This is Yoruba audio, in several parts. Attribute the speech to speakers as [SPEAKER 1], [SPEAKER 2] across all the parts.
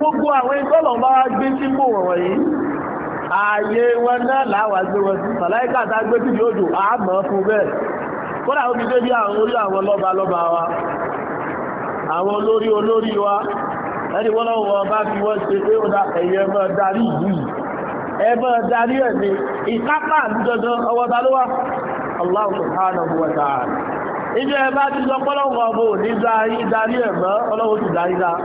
[SPEAKER 1] gbogbo àwọn ìtọ́lọ̀ bá wá gbé sí mò wọ̀n yìí ààyè wọn náà láwàá gbé wọn sí màláìkà tá gbé sí yóò dùn àmọ́ fún bẹ́ẹ̀ kódà ó fi dé bí àwọn orí àwọn lọ́ba lọ́ba wa àwọn olórí olórí wa ẹni wọ́n lọ́wọ́ bá fi wọ́n ṣe pé ó dá ẹ̀yẹ mọ́ darí yìí ẹ darí ẹ̀ ní ìkápá dandan ọwọ́ ta ló wà Allah subhanahu wa ta'ala ibi ẹ bá ti sọ pọ́lọ́wọ́ ọmọ òní darí ẹ̀ mọ́ ọlọ́wọ́ ti darí dáa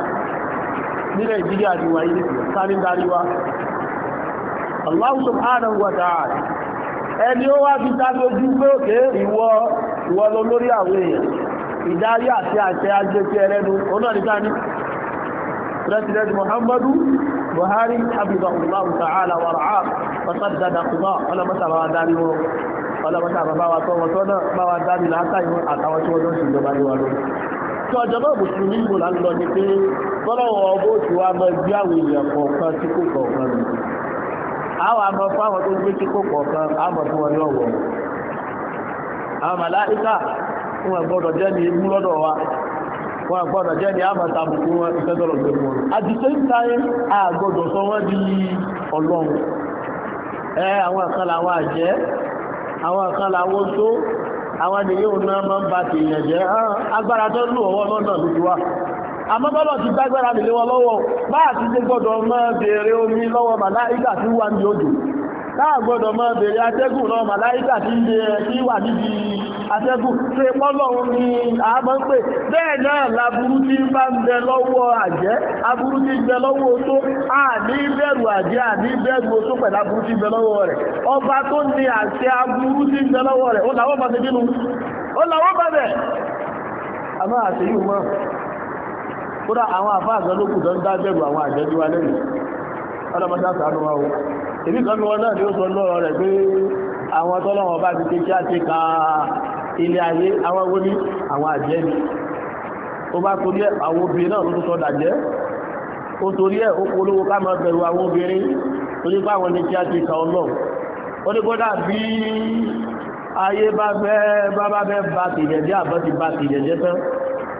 [SPEAKER 1] ní nàìjíríà ni wà yìí sáré darí wa Allah subhanahu wa ta'ala ẹni ó wá fi dájójú pé òkè ìwọ ìwọ lọ lórí àwọn èèyàn ìdarí àti àṣẹ ajẹ́sí ẹlẹ́nu onáríkà ní president muhammadu buhari abdullahi ta'ala wa ra'a fasaddada kuma ọlọ́mọta bá wa darí wọn ọlọ́mọta bá wa tọ́ wọn tọ́nà bá wa darí látàrí wọn àtàwọn tí wọ́n lọ́sùn ìjọba ní wa lórí tí ọjọ́ náà mùsùlùmí ìbò là ń lọ ní pé bọ́lọ̀wọ̀ ọgbọ́ òtù wa mọ ju àwọn èèyàn kọ̀ọ̀kan tí kò kọ̀ọ̀kan àwọn àmọ́ tó gbé tí kò kọ̀ọ̀kan àmọ́ fún wọn lọ́wọ́ àwọn màláìka wọn gbọ́dọ̀ jẹ́ ní imú lọ́dọ̀ wa wọn gbọ́dọ̀ jẹ́ ní wọn gbé wọn àgbọ̀dọ̀ sọ wọ́n di ọlọ́run ẹ àwọn àjẹ́ àwọn tó àwọn náà máa ń ba tèèyàn jẹ́ agbára àmọ́ bọ́lọ̀ ti dágbára lè wọn lọ́wọ́ bá ti ṣe gbọ́dọ̀ mọ́ bèèrè omi lọ́wọ́ màláìkà tí wà ní odò táà gbọ́dọ̀ mọ́ bèèrè atẹ́gùn lọ́wọ́ màláìkà tí wà níbi atẹ́gùn ṣe pọ́lọ́run ni àmọ́ ń pè bẹ́ẹ̀ náà laburú tí bá ń bẹ lọ́wọ́ àjẹ́ aburú tí bẹ lọ́wọ́ àjẹ́ pẹ̀lú aburú bẹ lọ́wọ́ rẹ̀ ọba tó ní àṣẹ aburú bẹ lọ́wọ́ rẹ̀ ó ó kódà àwọn àfáàgbà lókù tó ń dábẹ̀rù àwọn àjẹ́jú wa lẹ́yìn ọlọ́mọdá sàánú ni ó sọ lọ́rọ̀ rẹ̀ pé àwọn tọ́lọ́wọ́n bá ti ṣe kí á ṣe ka ilé ayé àwọn owó ní àwọn àjẹ́ ni ó bá torí ẹ̀ àwọn obìnrin náà ló tún sọ dàjẹ́ ó torí ẹ̀ ó polówó ká máa bẹ̀rù bí ayé bá fẹ́ bá bá fẹ́ bá tìjẹ̀jẹ́ àbọ̀ ti bá tìjẹ̀jẹ́ tán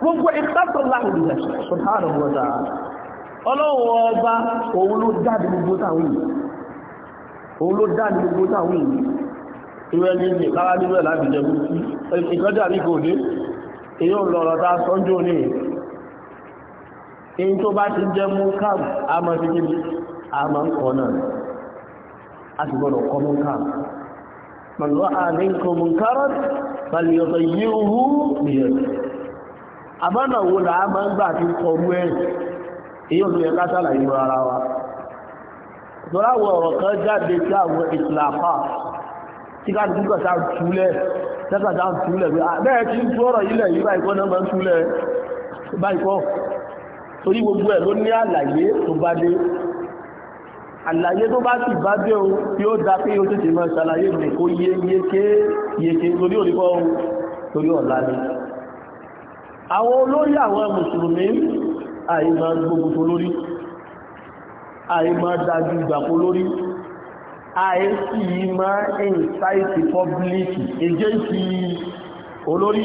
[SPEAKER 1] gbogbo ìtàkùnláhùn ilẹ̀ ṣùgbọ́n wọ́ta ọlọ́wọ́ ọba òun ló dáàdì gbogbo táwọn yìí òun ló dáàdì gbogbo táwọn yìí ìwẹ́ ní ní kára nílẹ̀ láti jẹ̀bú sí ìkọjá ní kò dé èyí ò lọ́rọ̀ ta sọ́njọ́ ní èyí tó bá ti jẹ́ mú káàmù a máa àmọ́nà wo làá máa ń gbà tí kọrú ẹ̀ èyí ò ló yẹ ká ara wa tọ́láwọ̀ ọ̀rọ̀ kan jáde sí àwọn ìsìlàpá tí ká dúkọ̀ sá túlẹ̀ tẹ́kà sá túlẹ̀ bẹ́ẹ̀ tí ń tú ọ̀rọ̀ ilẹ̀ yìí báyìí kọ́ náà máa ń túlẹ̀ báyìí kọ́ torí gbogbo ẹ̀ ló ní àlàyé tó bá dé àlàyé tó bá sì bá dé o yóò torí ọ̀la ni àwọn olórí àwọn mùsùlùmí àìmá gbogbo tó lórí àìmá dájú ìgbàkó lórí àìsí ìmá ìnsáìtì pọ́blíkì èjẹ́sì olórí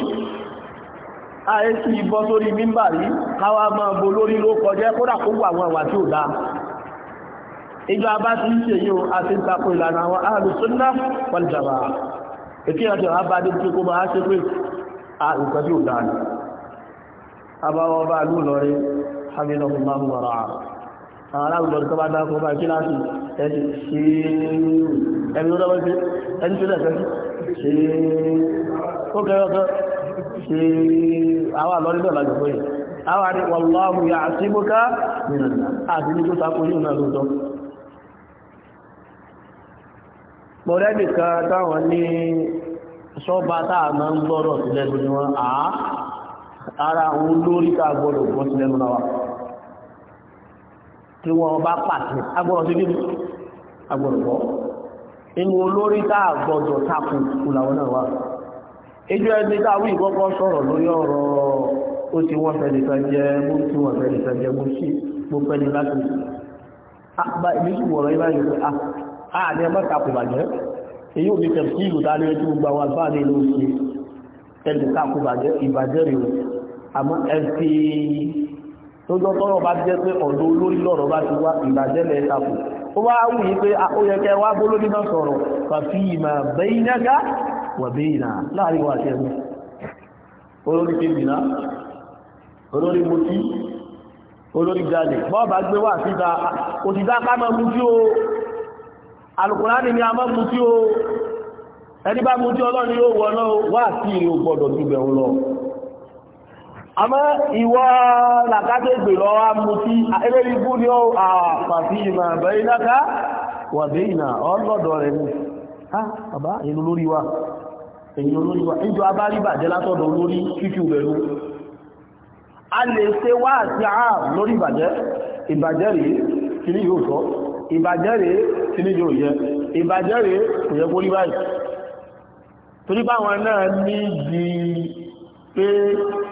[SPEAKER 1] àìsí ìbọ́ sórí mímbà rí káwà máa bo lórí ló kọjẹ́ kódà kó wà àwọn àwà ò dáa ìjọ abá ti ń ṣe yíò àti ìtakò ìlànà àwọn alùsọ́nà pọ̀lìjàmà èkí àti àbádé tí kó máa ṣe pé àìsàn ò dáa àbáwọ́ bá lù lọ rí hamilahullahu wa ra'a àwọn aláwùjọ tó bá dákọ̀ bá kí láti ẹni ṣíìrù ẹni tó dábọ́ sí ẹni tó dẹ̀kẹ́ sí ṣíìrù ó kẹ́rọ kan ṣíìrù àwọn àlọ́ táwọn ní ṣọ́ba táà máa ń gbọ́rọ̀ sílẹ̀ lórí wọn àá ara òun lórí ká gbọ́dọ̀ gbọ́ sí lẹ́nu náà tí wọ́n bá pàṣẹ agbọ́dọ̀ sí bí agbọ́dọ̀ gbọ́ inú olórí tá àgbọ́dọ̀ takùn ìlàwọ́ náà wà ẹjọ́ ẹni táwí ìkọ́kọ́ sọ̀rọ̀ lórí ọ̀rọ̀ ó ti wọ́n fẹ́ nìkan jẹ́ mú tí wọ́n fẹ́ nìkan jẹ́ mú sí mú fẹ́ ní láti àpá ìlú wọ̀rọ̀ ìbáyìí pé ah, ah, àà ní ẹmọ́ takùn bàjẹ́ èyí ò ní tẹ̀sí ìlú tá ní ẹjú gbogbo àwọn àgbáà ní ìlú òsì ẹni takùn bàjẹ́ ìbàjẹ́ rèé àmọ́ ẹ fi tó jọ tọ́rọ̀ bá jẹ́ pé ọ̀dọ̀ olórí lọ́rọ̀ bá ti wá ìbàjẹ́lẹ̀ ẹ̀tàkù ó wá wù yí pé ah, ó yẹ kẹ́ wá bólórí náà sọ̀rọ̀ kàfí ìmà bẹ́yìnáká wà bẹ́yìnà láàrin wà tẹ́lú olórí kébìnà olórí mutí olórí jalè bọ́ọ̀bá ni a máa mutí o ẹni bá mutí ọlọ́run yóò wọ náà sí ìrìn àmọ́ ìwọ làkàtẹ́gbè lọ wá mú sí ẹgbẹ́rí bú ní àpàfí ìmọ̀ àbẹ̀rí láká wà bí ìnà ọlọ́dọ̀ rẹ̀ mú àbá èyí olórí wa èyí olórí wa ìjọ abáríbà jẹ́ látọ̀dọ̀ olórí fífí ìbẹ̀rù a lè ṣe wá àti àà lórí ìbàjẹ́ ìbàjẹ́ rèé kí ní yóò pé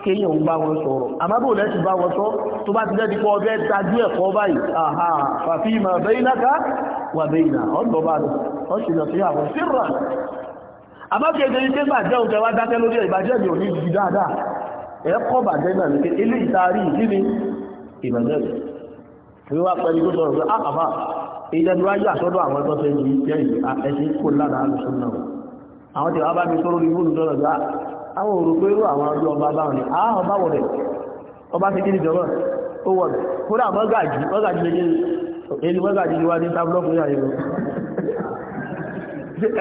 [SPEAKER 1] kéyàn ń bá wọn sọ̀rọ̀ àmábò lẹ́ti bá wọn sọ tó bá ti jẹ́ dípọ̀ ọbẹ̀ tajú ẹ̀kọ́ báyìí àhà fàfí ma baynaka wà bayna ọ̀dọ̀ bá rẹ̀ ọ̀ṣìnà sí àwọn síra àmákẹ́gẹ́ ilé bàjẹ́ oúnjẹ wá dákẹ́ lórí ìbàjẹ́ mi ò ní jù dáadáa ẹ̀kọ́ bàjẹ́ náà ní pé ilé ìtarí ìdí ni ìbàjẹ́ mi fi wá pẹ̀lú tó sọ̀rọ̀ pé ah, àkàfà ìjẹnu wáyé àsọ́dọ̀ àwọn ẹgbẹ́ sẹ́yìn jẹ́ ẹ̀sìn kò lára àlùsùn náà àwọn tí wọ́n bá mi sọ̀rọ̀ ní àwọn òrùpérú àwọn ọjọ́ ọba báwọn ni àwọn ọba wọ̀rẹ̀ ọba ti kí ní jọmọ́ ó wọ̀rẹ̀ kódà mọ́gàjì mọ́gàjì lè ẹni mọ́gàjì lè wá ní tábúlọ́pù yà yẹ̀wò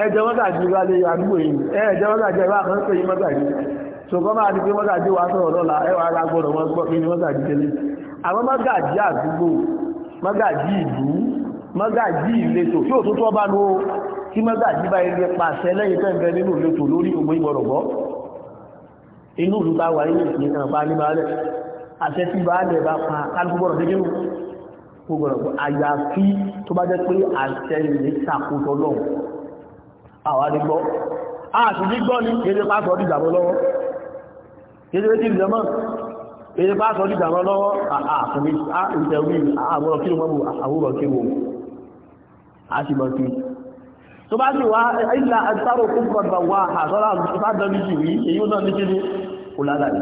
[SPEAKER 1] ẹjọ́ mọ́gàjì wá lè àdúgbò yìí ẹjọ́ mọ́gàjì wá kan pé mọ́gàjì ṣùgbọ́n máa di pé mọ́gàjì wá sọ̀rọ̀ lọ́la ẹwà alágbọ̀rọ̀ wọn gbọ́ pé mọ́gàjì tẹ́lẹ̀ àwọn mọ́gàjì àdúgbò mọ́gàjì ìlú mọ́gàjì ìletò tí ò tó tọ́ bá lọ tí mọ́gàjì bá ilé pàṣẹ lẹ́yìn tẹ́ǹbẹ̀ nínú ìletò lórí ògbó ìgbọ̀rọ̀gbọ́ inú ìlú bá wà nínú ìpínlẹ̀ náà bá ní baálẹ̀ àṣẹ tí baálẹ̀ bá pa kálukú gbọ́dọ̀ sí kínú gbogbo àyàfi tó bá jẹ́ pé àṣẹ ìlú ṣàkóso lọ́wọ́ àwọn adigbọ́ àṣìlí gbọ́ ní kéde pásọ̀ ọdí ìjàmọ́ lọ́wọ́ kéde tí ìjọmọ́ kéde pásọ̀ ọdí ìjàmọ́ lọ́wọ́ àṣìlí ìtẹ̀wí àwọn ọ̀kí tó bá ní wá ilá àtàrò kún bàbà wà àtọ́lá àtọ́dọ́bí sì rí èyí náà ní kíní kò lálàyé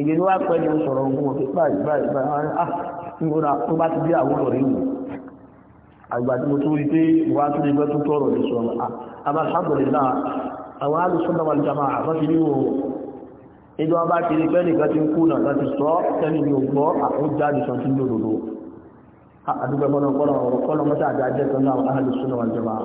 [SPEAKER 1] ìgbè ní wá pẹ́ ní sọ̀rọ̀ ogun òfin báyìí báyìí báyìí ah nígbà tó bá ti dé àwọn ọ̀rẹ́ wù àgbà tí mo tún rí pé wàá tún lè gbẹ́ tó tọ̀rọ̀ ní sọ̀rọ̀ ah, àmà alhamdulillah àwọn alùsọ́nà wal jamaa àfọ́sí ní òun ìjọ bá ti rí pẹ́lú ìgbà tí ń kúnà láti sọ tẹ́lú ní ògbọ́ àkójáde sọ tí lòdòdó ah, àdúgbẹ́gbọ́nà kọ́lọ̀ ọ̀rọ̀ kọ́lọ̀ mọ́ta àjá jẹ́ sọ́nà alùsọ́nà wal jamaa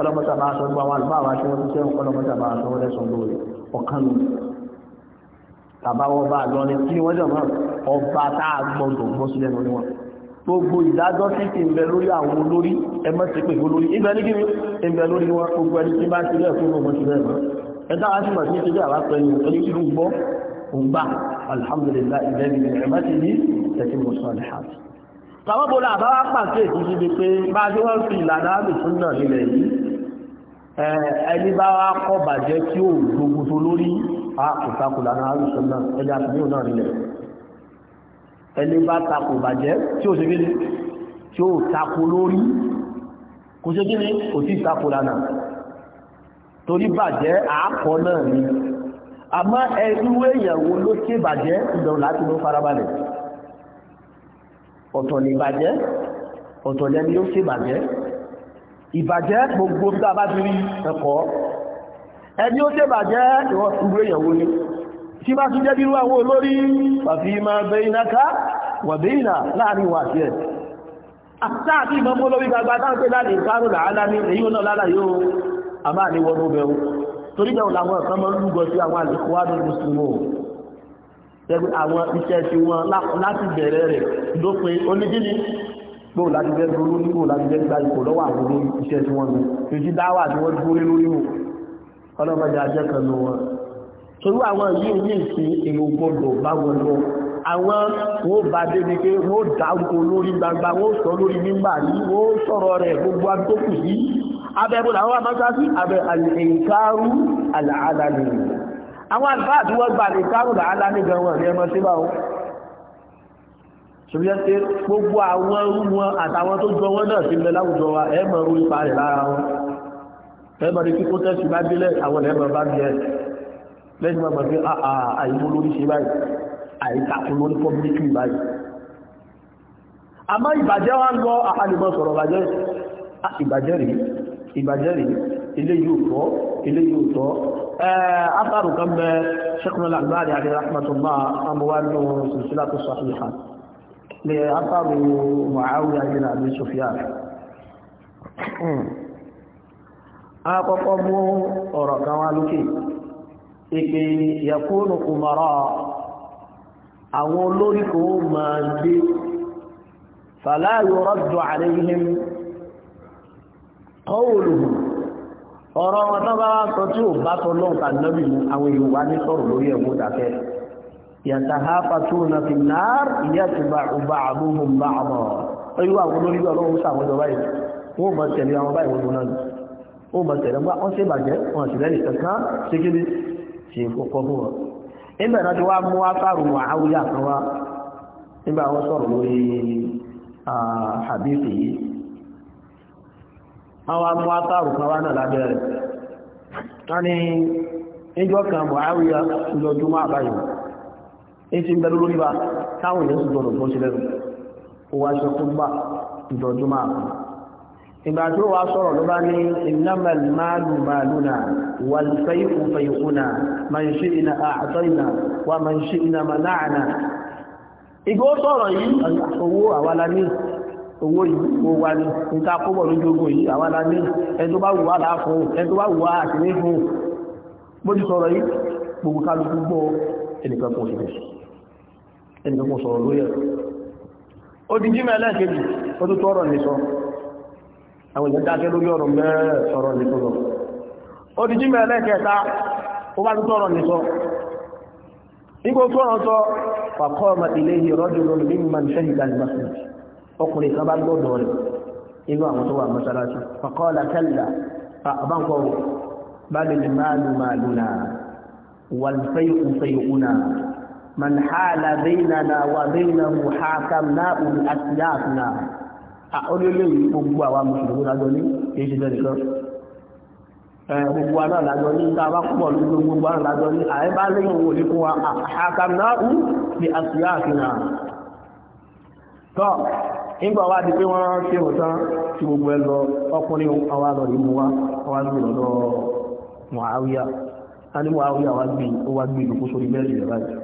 [SPEAKER 1] ọlọ́mọta máa sọ gbọ́ àwọn àlùfáà wáṣẹ́ wọn ṣiṣẹ́ ọlọ́mọta máa sọ wọlé sọ́dọ̀ rẹ̀ ọ̀kan nù tàbáwọ́ bá lọ ní tí wọ́n jọ máa ọba tá a gbọ́dọ̀ gbọ́ sílẹ̀ lórí wọn gbogbo ìdájọ́ tí ti ń bẹ lórí àwọn olórí ẹ mọ́ sí pé olórí ibẹ̀ ní kíni ń bẹ lórí wọn gbogbo ẹni tí bá ti rẹ̀ fún ọmọ ti rẹ̀ ẹ dára sí màtí ti rẹ̀ àwápẹ́ ni ẹni tí ń gbọ́ ń gbà alhamdulillah ilẹ̀ ní ẹ̀mọ́ ti ní tẹ̀sí mọ̀ sọ alhaj tàbábọ́lá àbáwá pàṣẹ ìdíje pé bá a ṣe wọ́n fi ìlànà àmì náà nílẹ̀ yìí ẹni bá wá kọ́ bàjẹ́ tí ó gbogbo tó lórí àkùtakùlà náà àrùsọ náà ẹni àtúnyẹ̀wò náà nílẹ̀ ẹni bá takò bàjẹ́ tí ó ṣe kí ni tí ó takò lórí kò ṣe kí ni kò sí takùlà náà torí bàjẹ́ àákọ́ náà ni àmọ́ ẹrú èèyàn wo ló ṣe bàjẹ́ ìdọ̀rùn láti ló farabalẹ̀ ọ̀tọ̀ ní bàjẹ́ ọ̀tọ̀ lẹ́ni ló ṣe bàjẹ́ ìbàjẹ́ gbogbo tí a bá ti rí ẹ̀kọ́ ẹni ó tẹ́ bàjẹ́ ìwọ̀n ìwé ìyàwó ni tí bá tún jẹ́ bírú àwọn olórí pàfi ma bẹ iná ká wà bẹ ìnà láàrin wà sí ẹ̀ àtàkì ìmọ̀mọ́ lórí gbagba táńpé láàrin ìkárò làálá ní èyí ó náà lára yóò a máa ní wọnú bẹ̀rù torí bẹ̀rù làwọn ẹ̀kan mọ́ lúgọ sí àwọn àlèkọ́wádùn mùsùlùmù tẹ́gbẹ́ àwọn iṣẹ́ ti wọn láti bẹ̀rẹ̀ rẹ̀ lópin onídìní gbóò láti jẹ́ dúró ní gbóò láti jẹ́ gba ipò lọ́wọ́ àwọn ní iṣẹ́ tí wọ́n ní ojú dáwà tí wọ́n dúró lórí wò ọlọ́mọdé ajẹ́ kan ló wọn torí àwọn yìí ní ìsìn èrò gbọdọ̀ bá wọn lọ àwọn wọn bá débi pé wọn dáko lórí gbangba wọn sọ lórí nígbà yìí wọn sọ̀rọ̀ rẹ̀ gbogbo agbókù yìí abẹ́bọ̀ làwọn amásásí abẹ́ àlèkárú àlàálà nìyí àwọn àlùfáà tí wọ́n gbà àlèkárú àlàálà nìgan wọn ní ẹmọ síbáwọ́ torí ẹ́ pé gbogbo àwọn wọn àtàwọn tó jọ wọn náà ti lẹ láwùjọ wa ẹ mọ̀ orí ipa rẹ̀ lára wọn ẹ mọ̀ ní kí protest bá délẹ̀ àwọn ẹ̀ mọ̀ bá bí ẹ lẹ́yìn máa mọ̀ pé ah, ah, àìmú lórí ṣe báyìí àìtàkùn lórí publicly báyìí àmọ́ ìbàjẹ́ wá ń lọ àpàlìmọ̀ sọ̀rọ̀ bàjẹ́ ah, ìbàjẹ́ rí ìbàjẹ́ rí ilé yóò tọ́ ilé yóò tọ́ afárùkan bẹ ṣẹ́kùnlá àgbáàrí àríwá rahmatullah amúwánú sísílá tó sàfihàn لأثر معاوية بن أبي سفيان àkọ́kọ́ mú ọ̀rọ̀ kan wá lókè ìpè yakunu umara àwọn olórí kò máa gbé fala yuraddu alayhim qawluhum ọ̀rọ̀ wọn tó bá sọ tí ò bá tọ́ lọ́ǹkà lọ́bì àwọn èèyàn ní sọ̀rọ̀ lórí ẹ̀wọ́ dákẹ́ yàtàhápàtúnà fi náàr ìyàtùbà ọba àbúhùn bá àbọ̀ oríwà àwọn olóríwà ọlọ́run sàwọn ọjọ́ báyìí wọ́n mọ̀ tẹ̀lé àwọn báyìí wọ́n náà wọ́n mọ̀ tẹ̀lé wọ́n ṣe bàjẹ́ wọ́n sì lẹ́nì kankan ṣe kí ni ṣe kọ́kọ́ fún wọn nígbà náà ti wá mú afárù wọn àwùjá kan wá nígbà wọn sọ̀rọ̀ lórí ètí ń bẹ̀rù lórí bá táwọn èèyàn sì gbọdọ̀ bọ́ sí lẹ́nu ó wá sọ tó gbà ìdọ̀jú máa kù ìgbà tó wá sọ̀rọ̀ ló bá ní innamal malu maluna wal fay'u fay'una man shi'na wa ní owó yìí lójú ogun yìí àwálá ní ẹjọ́ bá wù láàfún ẹjọ́ bá wù wá àtìlẹ́fún bó ti sọ̀rọ̀ yìí gbogbo kálukú gbọ́ ẹnìkan kan òṣèlú ẹni tó mọ́ sọ̀rọ̀ lórí ẹ̀rọ ó di jímẹ̀ lẹ́ẹ̀kejì ó tó tọ́rọ̀ nìsọ àwọn ìjọ dákẹ́ lórí ọ̀rọ̀ mẹ́rẹ̀ sọ̀rọ̀ nìsọ lọ ó di jímẹ̀ lẹ́ẹ̀kẹta ó bá tó tọ́rọ̀ nìsọ nígbà ó tọ́rọ̀ sọ fàkọ́ ọmọ ilé yìí rọ́jò lórí man hala bainana wa bainahu hakamna bi aslafna àọ́lélé yìí gbogbo àwa mùsùlùmí lájọ ní èyí ṣe lẹ́nìí kan gbogbo àná lájọ ní tá a bá pọ̀ ní gbogbo àná lájọ ní àyè bá léyìn owó ní fún wa hakamna bi aslafna tọ́ nígbà wá di pé wọ́n ṣe òtán tí gbogbo ẹ lọ ọkùnrin àwọn àlọ́ yìí mú wa wọ́n á gbé lọ́dọ̀ Muawiya a ní Muawiya wá gbé ìlú kó sórí bẹ́ẹ̀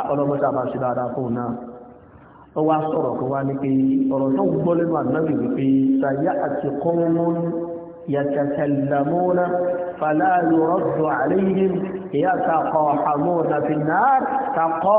[SPEAKER 1] ọlọ́mọdé àbá ṣe dáadáa fún un náà ó wá sọ̀rọ̀ kan wá ní pé ọ̀rọ̀ tó ń gbọ́ lẹ́nu ànábì wípé sàyà àti kọ́mọ́n yàtàkàlàmọ́nà fàlàlù rọ́dù àlẹ́yìn ìyá takọ̀ àmọ́nà fìnnáà takọ̀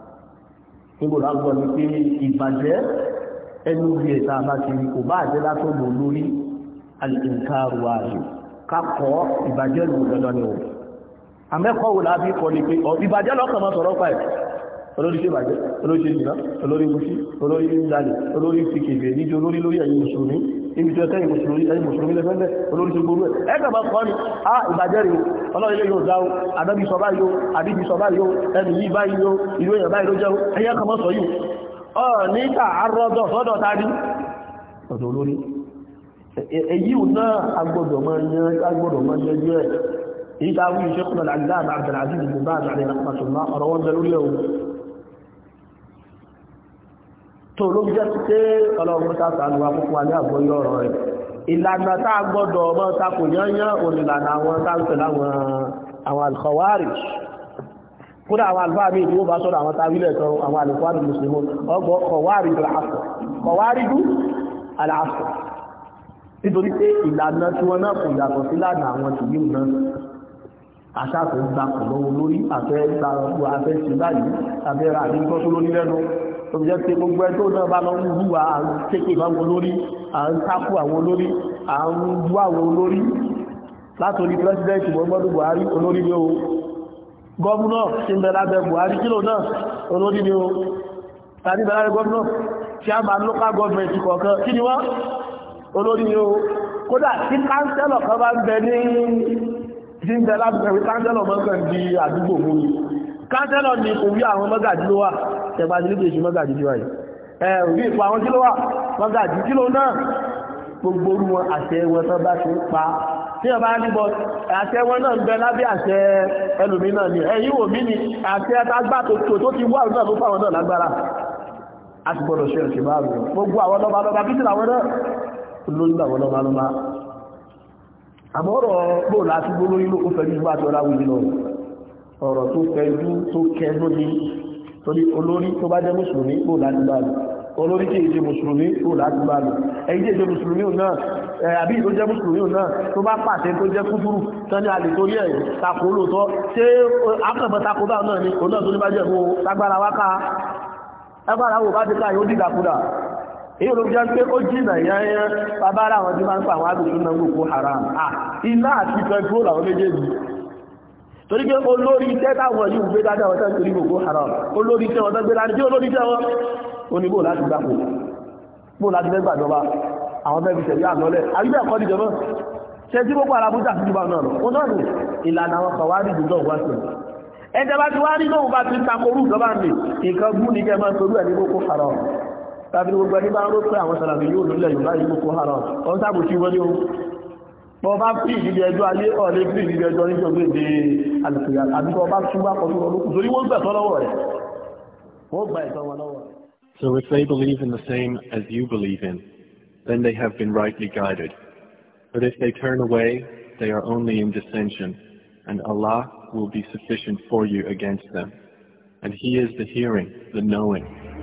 [SPEAKER 1] nígbò lágbọ́ ní pé ìbàjẹ́ ẹnu rí ẹ̀ta bá ti rí kò bá àjẹ́ látọ̀lọ̀ lórí alìkàrùwàjù kákọ́ ìbàjẹ́ lù dandan ni o amẹ́kọ̀ọ́ wò lábí kọ́ ni pé ìbàjẹ́ lọ́kàn máa sọ̀rọ̀ pa ẹ̀ olórí ṣe bàjẹ́ olórí ibi tó tẹ́yìn mùsùlùmí ẹ̀yìn mùsùlùmí lẹ́fẹ́lẹ́ olórin tó gbogbo ẹ̀ ẹgbẹ̀bà kọ́ ni a ah, ìbàjẹ́ rí ọlọ́rin lè yóò dáwó àdábì sọ báyìí àbíbi sọ báyìí ẹni yìí báyìí ìlú èèyàn báyìí ló jẹ́ ẹyẹ kan mọ́ sọ yìí ọ níta arọ́dọ̀ sọ́dọ̀ tari ọ̀dọ̀ olórin èyí náà agbọ́dọ̀ máa yanjú ẹ̀ èyí táwọn ìṣẹ́kùnà àgbà àbdàlàzí ìgbòmbà àbdàlàzí ọ̀rọ̀ wọn bẹ lórí ẹ̀wọ̀n tó ló jẹ́ pé ọlọ́run ta sàánúwà púpọ̀ alẹ́ àgbóyọ̀ ọ̀rọ̀ rẹ̀ ìlànà tá a gbọ́dọ̀ ọmọ takò yányán olùlànà àwọn táǹpẹ̀ láwọn àwọn alkhawari kódà àwọn àlùfáà mi ìdíwó bá sọ́dọ̀ àwọn táwílẹ̀ tán àwọn alkhawari mùsùlùmí ọgbọ́ kọwárí dùn àfọ̀ kọwárí dùn àlàáfọ̀ nítorí pé ìlànà tí wọ́n náà kò tó fi jẹ́ pé gbogbo ẹ tó náà bá lọ ń hu à ń tẹ́kẹ̀ máa wọn lórí à ń tákù àwọn olórí à ń bú àwọn olórí látòrí pírẹsidẹ́ǹtì Muhammadu Buhari olórí ni o gọ́mùnà tí ń bẹ lábẹ́ Buhari kílò náà olórí ni o tàbí bẹ lábẹ́ gọ́mùnà tí a máa lókà gọ́ọ̀mẹ̀ntì kọ̀ọ̀kan kí ni wọ́n olórí ni o kódà tí káńsẹ́lọ̀ kan bá ń bẹ ní tí ń bẹ lábẹ́ káńsẹ́lọ̀ mọ́kàn di àdúgbò mú ni kánsẹ́lọ̀ ni òwú àwọn mọ́gàjí ló wà tẹgbà sí nígbèṣù mọ́gàjí ló wà yìí òwú ipò àwọn gbogbo orú wọn àṣẹ wọn tán bá ti ń pa tí ọba níbọ àṣẹ wọn náà ń bẹ lábẹ́ àṣẹ ẹlòmí ni ẹ̀yìn wò mí ni àṣẹ tágbà tó tó ti wà náà fáwọn náà lágbára a ti gbọdọ̀ ṣe ẹ̀ṣẹ̀ bá rẹ̀ gbogbo àwọn lọ́ba lọ́ba bí tìlàwọn náà lórí àwọn lọ́ba lọ́ba àmọ́rọ̀ bóòlù àti gbólórí ló kó fẹ́ bí wọ́n àti ọlá wù mí lọ́rùn ọ̀rọ̀ tó fẹjú tó kẹjú ni torí olórí tó bá jẹ́ mùsùlùmí kò láti bá lò olórí tí èdè mùsùlùmí kò láti bá lò ẹ̀yí èdè mùsùlùmí ò náà àbí tó jẹ́ mùsùlùmí ò náà tó bá pàṣẹ tó jẹ́ kúfúrú tán ní alè torí ẹ̀ takò lóòótọ́ ṣé akọ̀bọ̀ takò bá náà ni kò náà tó ní bá jẹ́ fún tágbára wá ká agbára wo bá ti ká yóò dìdàkudà èyí ló jẹ́ pé ó jìnà yányán babára àwọn tí máa ń pa àwọn agbègbè náà gbogbo haram ah iná àti pẹtrol àwọn méjèèjì torí pé olórí iṣẹ́ táwọn yìí gbé dáadáa wọn tán torí gbogbo haram olórí iṣẹ́ wọn tán gbé dáadáa tí olórí iṣẹ́ wọn oníbò láti gbà kò bó láti fẹ́ gbàjọba àwọn fẹ́ fi tẹ̀lé ànọ́lẹ̀ àyíbẹ̀ ẹ̀kọ́ ní jọmọ́ ṣe tí gbogbo alábújá sí ìjọba náà ó náà ní ìlànà àwọn kan wá rí ìdúdọ̀ wá sí ẹjẹ bá ti wá rí lóhun bá ti takorú ìjọba mi nǹkan bú ní kẹ́ máa torú ẹ̀ ní boko haram tàbí gbogbo ẹni bá ń rò pé àwọn sàlàmì yóò lólẹ̀ yorùbá yìí boko haram ọ̀n sábò sí wọlé ohun bọ́ bá ẹjọ́ ayé ọ̀lẹ́ ẹjọ́ ní àbí bọ́ bá pọ̀ lókùn torí wọ́n lọ́wọ́ rẹ̀ wọ́n gba wọn lọ́wọ́ rẹ̀. So if they believe in the same as you believe in, then they have been rightly guided. But if they turn away, they are only in dissension, and Allah will be sufficient for you against them. And He is the hearing, the knowing.